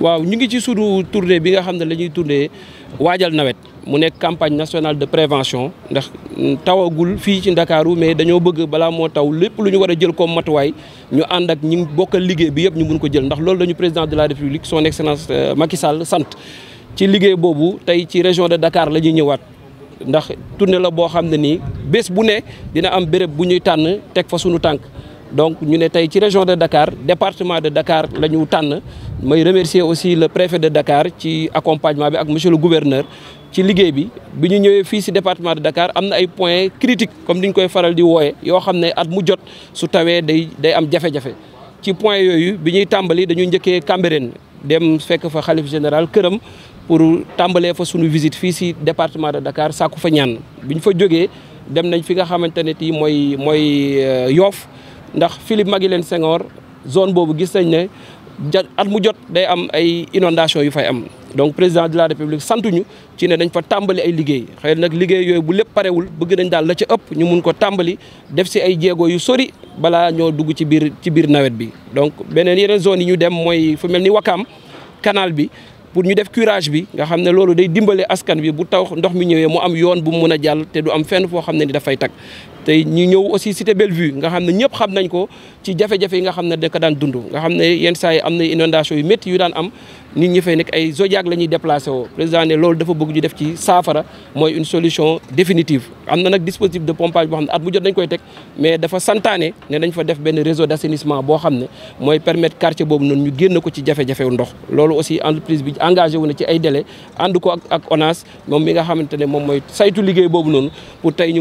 waaw ñu ngi ci sunu tournée bi nga xam ne la ñuy tournée waajal nawet mu nekk campagne national de prévention ndax tawagul fii ci Ndakaaru mais dañoo bëgg balaa moo taw lépp lu ñu war a jël comme matuwaay ñu ànd ak ñi bokkal liggéey bi yëpp ñu mun ko jël ndax loolu lañu président de la république son excellence euh, Macky Sall sant ci liggéey boobu tey ci région de dakaar la ñuy ñëwaat ndax tournée la boo xam ne nii bés bu ne dina am béréb bu ñuy tànn teg fa sunu tànk donc ñu ne tey ci région de Dakar département de Dakar la ñu tànn mooy remercier aussi le préfet de Dakar ci accompagnement bi ak monsieur le ci liggéey bi bi ñu ñëwee fii si département de Dakar am na ay points critiques comme ni ñu koy faral di wooye yoo xam ne at mu jot su tawee day day am jafe-jafe ci point yooyu bi ñuy tàmbali dañu njëkkee Cambérène dem fekk fa xalif général këram pour tàmbalee fa suñu visite fii si département de Dakar sàkku fa ñaan bi ñu fa jógee dem nañ fi nga xamante ne tii mooy mooy euh, Yoff ndax Philippe Maguilène Senghor zone boobu gis nañ ne at mu jot day am ay inondation yu fay am donc président de la république santuñu ci ne dañ fa tàmbali ay liggéey xëy nag liggéey yooyu bu lépp parewul bëgg nañ daal la ci ëpp ñu mun ko tàmbali def si ay jéego yu sori balaa ñoo dugg ci biir ci biir nawet bi. donc beneen yeneen zone yi ñu dem mooy fu mel ni Wakaam kanaal bi pour ñu def curage bi nga xam ne loolu day dimbale askan bi bu taw ndox mi ñëwee mu am yoon bu mu mun a jàll te du am fenn foo xam ne ni dafay tag tey ñu ñëw aussi cité Bellevue nga xam ne ñëpp xam nañ ko ci jafe-jafe yi nga xam ne da ko daan dund nga xam ne yenn saa am na inondation yu métti yu daan am nit ñi fay nekk ay zodiac la ñuy déplacé président ne loolu dafa bëgg ñu def ci saafara mooy une solution définitive am na nag dispositif de pompage boo xam ne at bu jot dañ koy teg mais dafa santaane ne dañ fa def benn réseau d' boo xam ne mooy permettre quartier boobu noonu ñu génn ko ci jafe-jafewu ndox loolu aussi entreprise bi engagé wu na ci ay délai ne moom mooy saytu liggéey boobu noonu pour tey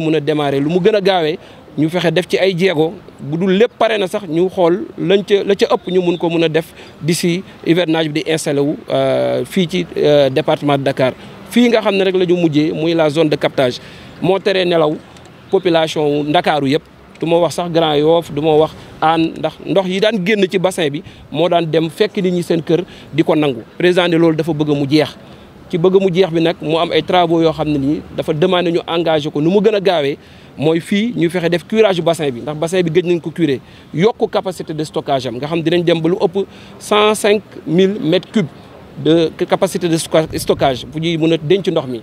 a ñaawee ñu fexe def ci ay jéego bu dul lépp pare na sax ñu xool lañ ca la ca ëpp ñu mun ko mun a def d'ici hivernage bi di installé wu euh, fii ci euh, département de Dakar fii nga xam ne rek la ñu mujjee muy la zone de captage moo teree nelaw population wu Ndakaaru yëpp du ma wax sax Grand yoof du wax aan ndax ndox yi daan génn ci bassin bi moo daan dem fekk nit ñi seen kër di ko nangu président ne loolu dafa bëgg mu jeex ci bëgg mu jeex bi nag mu am ay travaux yoo xam ne nii dafa demandé ñu engagé ko nu mu gën a gaawee mooy fii ñu fexe def curage bassin bi ndax bassin bi gëj nañ ko curé yokk capacité de stockage am nga xam dinañ dem ba lu ëpp cent cinq mille mètres cubes de capacité de stockage bu ñuy mun a denc ndox mi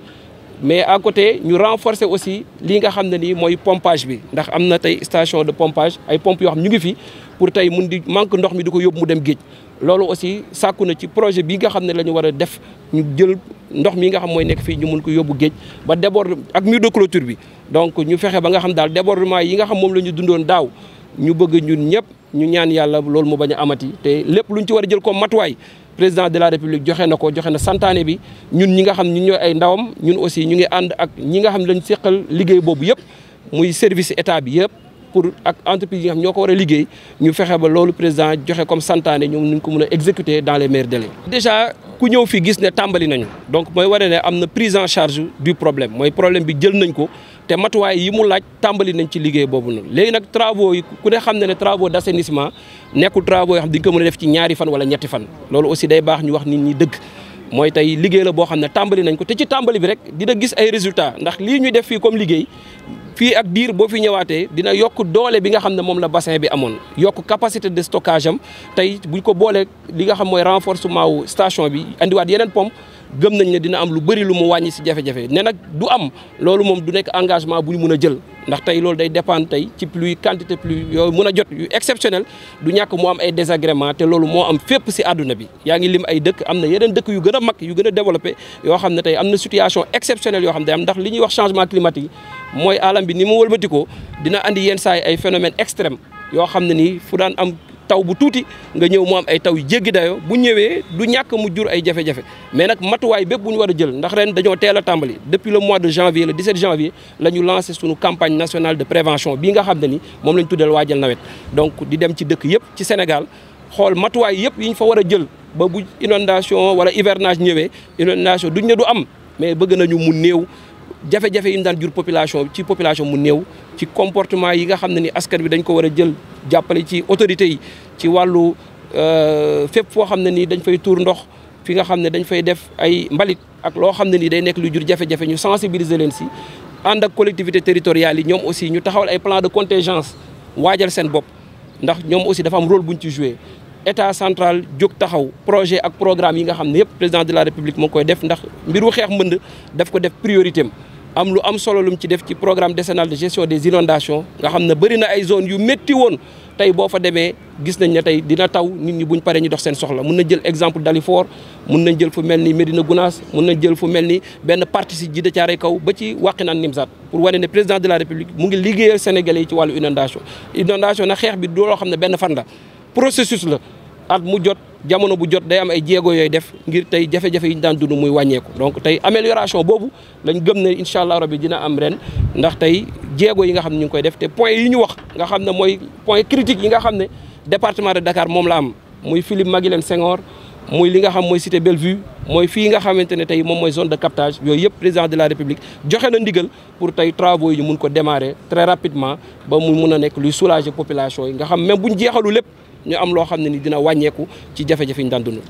mais à côté ñu renforcer aussi li nga xam ne nii mooy pompage bi ndax am na tey station de pompage ay pompes yoo xam ñu ngi fi pour tey mun di manque ndox mi di ko yóbbu mu dem géej loolu aussi sàkku na ci projet bi nga xam ne la ñu war a def ñu jël ndox mi nga xam mooy nekk fii ñu mun ko yóbbu géej ba déborde ak mur de clôture bi donc ñu fexe ba nga xam daal débordement yi nga xam moom la ñu dundoon daaw ñu bëgg ñun ñëpp ñu ñaan yàlla loolu mu bañ a amati te lépp lu ñu ci war a jël ko matuwaay président de la république joxe na ko joxe na santaane bi ñun ñi nga xam ñu ñooy ay ndawam ñun aussi ñu ngi ànd ak ñi nga xam lañ seqal liggéey boobu yëpp muy service état bi yëpp pour ak entreprise ñoo ko war a liggéey ñu fexe ba loolu président joxe comme santaane ñoom ñu ko mën a exécuter dans les meilleurs délais. déjà ku ñëw fi gis ne tàmbali nañu donc mooy waree ne am na prise en charge du problème mooy problème bi jël nañ ko te matuwaay yi mu laaj tàmbali nañ ci liggéey boobu noonu. léegi nag travaux yi ku ne xam ne ne travaux d' assainissement nekkul travaux yoo xam di nga ko mën a def ci ñaari fan wala ñetti fan loolu aussi day baax ñu wax nit ñi dëgg. mooy tey liggéey la boo xam ne tàmbali nañ ko te ci tàmbali bi rek dina ay résultats ndax lii def fii comme liggéey fii ak diir boo fi ñëwaatee dina yokk doole bi nga xam ne moom la bassin bi amoon yokk capacité de stockage am tey buñ ko boolee li nga xam mooy renforcement wu station bi andiwaat yeneen pom gëm nañ ne dina am lu bëri lu mu wàññi si jafe-jafe ne nag du am loolu moom du nekk engagement bu ñu mun a jël ndax tey loolu day dépendre tey ci pluie quantité pluie yooyu mun a jot yu exceptionnel du ñàkk mu am ay désagrément te loolu moo am fépp si àdduna bi yaa ngi lim ay dëkk am na yeneen dëkk yu gën a mag yu gën a développé yoo xam ne tey am na situation exceptionnelle yoo xam ne am ndax li ñuy wax changement climatique mooy alam bi ni mu wëlbatikoo dina andi yenn saa ay phénomène extrême yoo xam ne nii fu daan am taw bu tuuti nga ñëw mu am ay taw yu jéggi dayoo bu ñëwee du ñàkk mu jur ay jafe-jafe mais nag matuwaay bépp bu ñu war a jël ndax ren dañoo teela a tàmbali depuis le mois de janvier le 17 janvier la ñu lancé suñu campagne nationale de prévention bi nga xam ne ni moom la ñu tuddal waajal nawet donc di dem ci dëkk yëpp ci Sénégal xool matuwaay yëpp yi ñu fa war a jël ba bu inondation wala hivernage ñëwee inondation duñ ne du am mais bëgg nañu mu néew jafe-jafe yi mu daan jur population ci population mu néew ci comportement yi nga xam ne ni askan bi dañ ko war a jël jàppale ci autorité yi ci wàllu euh, fépp foo xam ne ni dañ fay tuur ndox fi nga xam ne dañ fay def ay mbalit ak loo xam ne ni day nekk lu jur jafe-jafe ñu sensibiliser leen si ànd ak collectivité territoriale yi ñoom aussi ñu taxawal ay plan de contingence waajal seen bopp ndax ñoom aussi dafa am role bu ñu ci joué état central jóg taxaw projet ak programme yi nga xam ne yëpp président de la république moo koy def ndax mbiru xeex mbënd daf ko def priorité am lu am solo lu mu ci def ci programme décennal de gestion des inondations nga xam ne bëri na ay zones yu métti woon tey boo fa demee gis nañ ne tey dina taw ñu ñi buñ paree ñu dox seen soxla mun na jël exemple Dalifort mun nañ jël fu mel ni Médina Gounass mun na jël fu mel ni benn partie si Djiddah Thiaroye Kaw ba ci Wakhinane Nimzatt wane ne président de mu ngi liggéeyal sénégalais yi wàllu inondation inondation na xeex bi doo xam ne benn fan processus la at mu jot jamono bu jot day am ay jéego yooyu def ngir tey jafe-jafe yi ñu daan dund muy wàññeeku donc tey amélioration boobu lañ gëm ne incha allah rabbi dina am ren ndax tey jéego yi nga xam ne ñu ngi koy def te point yi ñu wax nga xam ne mooy point critique yi nga xam ne département de Dakar moom la am muy Philippe Maguilène Senghor mooy li nga xam mooy cité Bellevue mooy fii nga xamante ne tey moom mooy zone de captage yooyu yëpp président de la république joxe na ndigal pour tey travaux yi mun ko démarrer très rapidement ba mu mun a nekk luy soulager population yi nga xam même bu ñu jeexalu lépp ñu am loo xam ne ni dina wàññeeku ci jafe-jafe ñu daan dund.